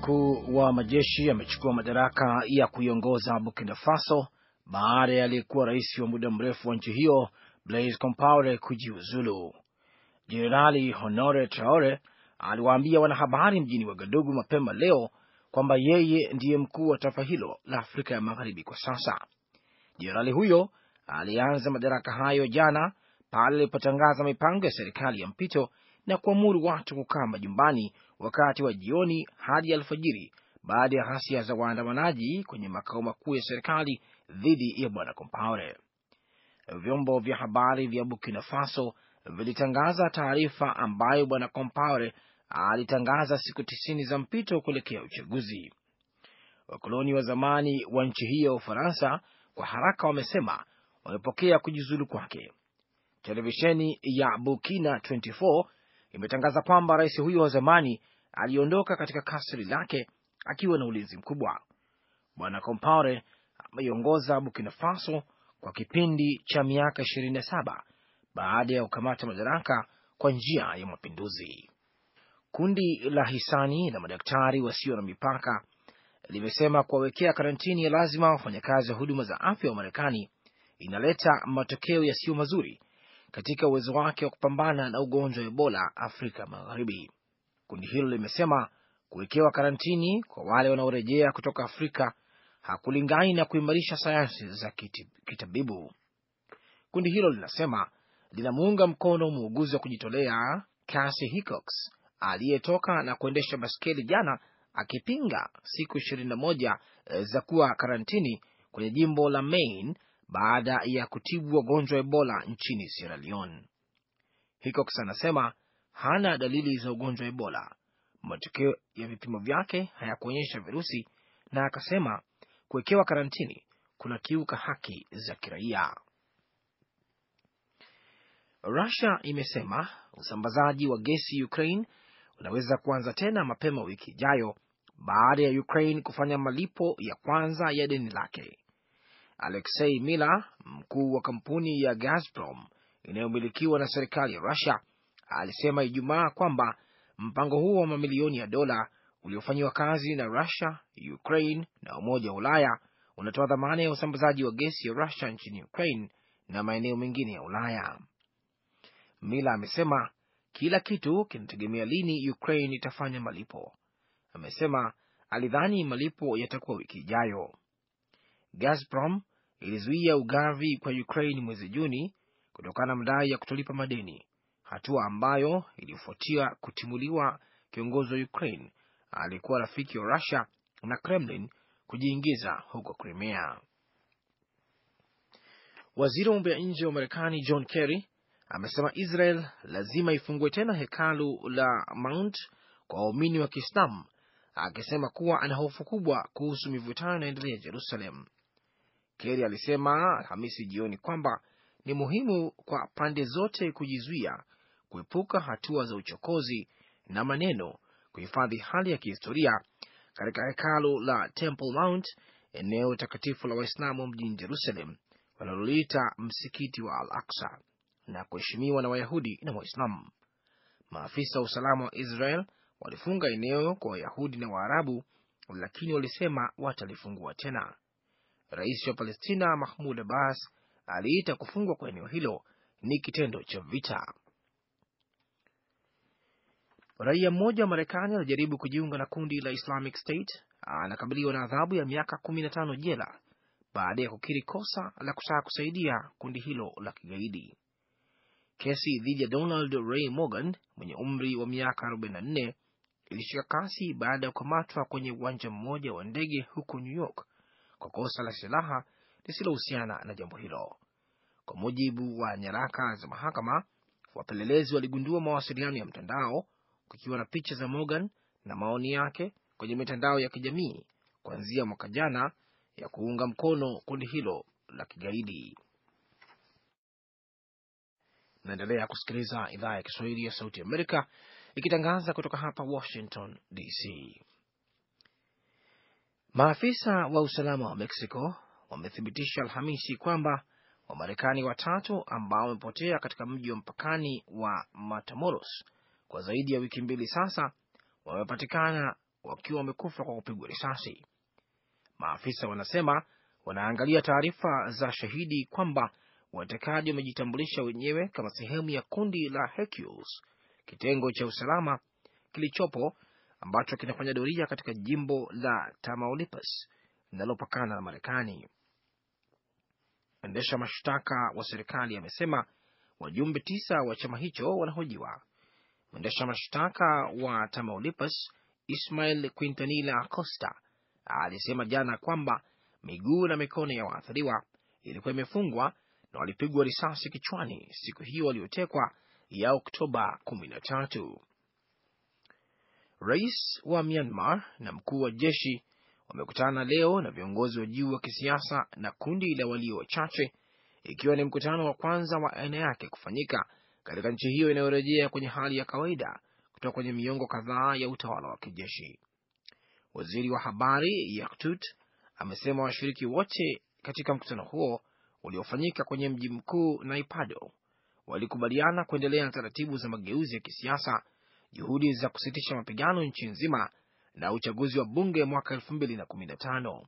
mkuu wa majeshi amechukua madaraka ya kuiongoza Burkina Faso baada ya aliyekuwa rais wa muda mrefu wa nchi hiyo Blaise Compaore kujiuzulu. Jenerali Honore Traore aliwaambia wanahabari mjini Wagadugu mapema leo kwamba yeye ndiye mkuu wa taifa hilo la Afrika ya Magharibi kwa sasa. Jenerali huyo alianza madaraka hayo jana pale alipotangaza mipango ya serikali ya mpito na kuamuru watu kukaa majumbani wakati wa jioni hadi alfajiri baada ya ghasia za waandamanaji kwenye makao makuu ya serikali dhidi ya bwana Compaore. Vyombo vya habari vya Burkina Faso vilitangaza taarifa ambayo bwana Compaore alitangaza siku tisini za mpito kuelekea uchaguzi. Wakoloni wa zamani wa nchi hiyo ya Ufaransa kwa haraka wamesema wamepokea kujiuzulu kwake. Televisheni ya Burkina imetangaza kwamba rais huyo wa zamani aliondoka katika kasri lake akiwa na ulinzi mkubwa. Bwana Compaore ameiongoza Burkina Faso kwa kipindi cha miaka 27 baada ya kukamata madaraka kwa njia ya mapinduzi. Kundi la hisani la madaktari wasio na mipaka limesema kuwawekea karantini ya lazima wafanyakazi wa huduma za afya wa Marekani inaleta matokeo yasiyo mazuri katika uwezo wake wa kupambana na ugonjwa wa Ebola Afrika Magharibi. Kundi hilo limesema kuwekewa karantini kwa wale wanaorejea kutoka Afrika hakulingani na kuimarisha sayansi za kitabibu. Kundi hilo linasema linamuunga mkono muuguzi wa kujitolea Cassie Hickox aliyetoka na kuendesha baskeli jana akipinga siku ishirini na moja eh, za kuwa karantini kwenye jimbo la Maine baada ya kutibu wagonjwa wa Ebola nchini Sierra Leone. Hickox anasema hana dalili za ugonjwa wa Ebola. Matokeo ya vipimo vyake hayakuonyesha virusi, na akasema kuwekewa karantini kuna kiuka haki za kiraia. Rusia imesema usambazaji wa gesi Ukraine unaweza kuanza tena mapema wiki ijayo baada ya Ukraine kufanya malipo ya kwanza ya deni lake. Alexei Mila, mkuu wa kampuni ya Gazprom inayomilikiwa na serikali ya rusia alisema Ijumaa kwamba mpango huo wa mamilioni ya dola uliofanyiwa kazi na Rusia, Ukraine na Umoja wa Ulaya unatoa dhamana ya usambazaji wa gesi ya rusia nchini Ukraine na maeneo mengine ya Ulaya. Mila amesema kila kitu kinategemea lini Ukraine itafanya malipo. Amesema alidhani malipo yatakuwa wiki ijayo. Gazprom ilizuia ugavi kwa Ukraine mwezi Juni kutokana na madai ya kutolipa madeni, hatua ambayo ilifuatia kutimuliwa kiongozi wa Ukraine aliyekuwa rafiki wa Russia na Kremlin kujiingiza huko Crimea. Waziri wa mambo ya nje wa Marekani John Kerry amesema Israel lazima ifungue tena hekalu la Mount kwa waumini wa Kiislamu, akisema kuwa ana hofu kubwa kuhusu mivutano inaendelea Jerusalem. Kerry alisema Alhamisi jioni kwamba ni muhimu kwa pande zote kujizuia kuepuka hatua za uchokozi na maneno, kuhifadhi hali ya kihistoria katika hekalu la Temple Mount, eneo takatifu la Waislamu mjini Jerusalem wanaloliita msikiti wa al aksa na kuheshimiwa na Wayahudi na Waislamu. Maafisa wa usalama wa Israel walifunga eneo kwa Wayahudi na Waarabu, lakini walisema watalifungua tena. Rais wa Palestina Mahmud Abbas aliita kufungwa kwa eneo hilo ni kitendo cha vita. Raia mmoja wa Marekani anajaribu kujiunga na kundi la Islamic State anakabiliwa na adhabu ya miaka 15 jela baada ya kukiri kosa la kutaka kusaidia kundi hilo la kigaidi. Kesi dhidi ya Donald Ray Morgan mwenye umri wa miaka 44 ilishika kasi baada ya kukamatwa kwenye uwanja mmoja wa ndege huko New York kwa kosa la silaha lisilohusiana na jambo hilo. Kwa mujibu wa nyaraka za mahakama, wapelelezi waligundua mawasiliano ya mtandao kukiwa na picha za Morgan na maoni yake kwenye mitandao ya kijamii kuanzia mwaka jana ya kuunga mkono kundi hilo la kigaidi. Naendelea kusikiliza idhaa ya Kiswahili ya Sauti Amerika ikitangaza kutoka hapa Washington DC. Maafisa wa usalama wa Mexico wamethibitisha Alhamisi kwamba Wamarekani watatu ambao wamepotea katika mji wa mpakani wa Matamoros kwa zaidi ya wiki mbili sasa wamepatikana wakiwa wamekufa kwa kupigwa risasi. Maafisa wanasema wanaangalia taarifa za shahidi kwamba watekaji wamejitambulisha wenyewe kama sehemu ya kundi la Hercules, kitengo cha usalama kilichopo ambacho kinafanya doria katika jimbo la Tamaulipas linalopakana na Marekani. Mwendesha mashtaka wa serikali amesema wajumbe tisa wa chama hicho wanahojiwa. Mwendesha mashtaka wa Tamaulipas Ismail Quintanilla Acosta alisema jana kwamba miguu na mikono ya waathiriwa ilikuwa imefungwa na walipigwa risasi kichwani siku hiyo waliotekwa ya Oktoba kumi na tatu. Rais wa Myanmar na mkuu wa jeshi wamekutana leo na viongozi wa juu wa kisiasa na kundi la walio wachache, ikiwa ni mkutano wa kwanza wa aina yake kufanyika katika nchi hiyo inayorejea kwenye hali ya kawaida kutoka kwenye miongo kadhaa ya utawala wa kijeshi. Waziri wa habari Yaktut amesema washiriki wote katika mkutano huo uliofanyika kwenye mji mkuu Naipado walikubaliana kuendelea na taratibu za mageuzi ya kisiasa juhudi za kusitisha mapigano nchi nzima na uchaguzi wa bunge mwaka elfu mbili na kumi na tano.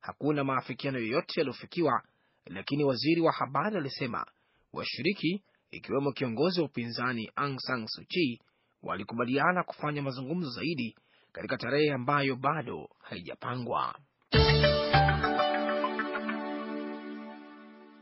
Hakuna maafikiano yoyote yaliyofikiwa, lakini waziri wa habari alisema washiriki, ikiwemo kiongozi wa upinzani Aung San Suu Kyi, walikubaliana kufanya mazungumzo zaidi katika tarehe ambayo bado haijapangwa.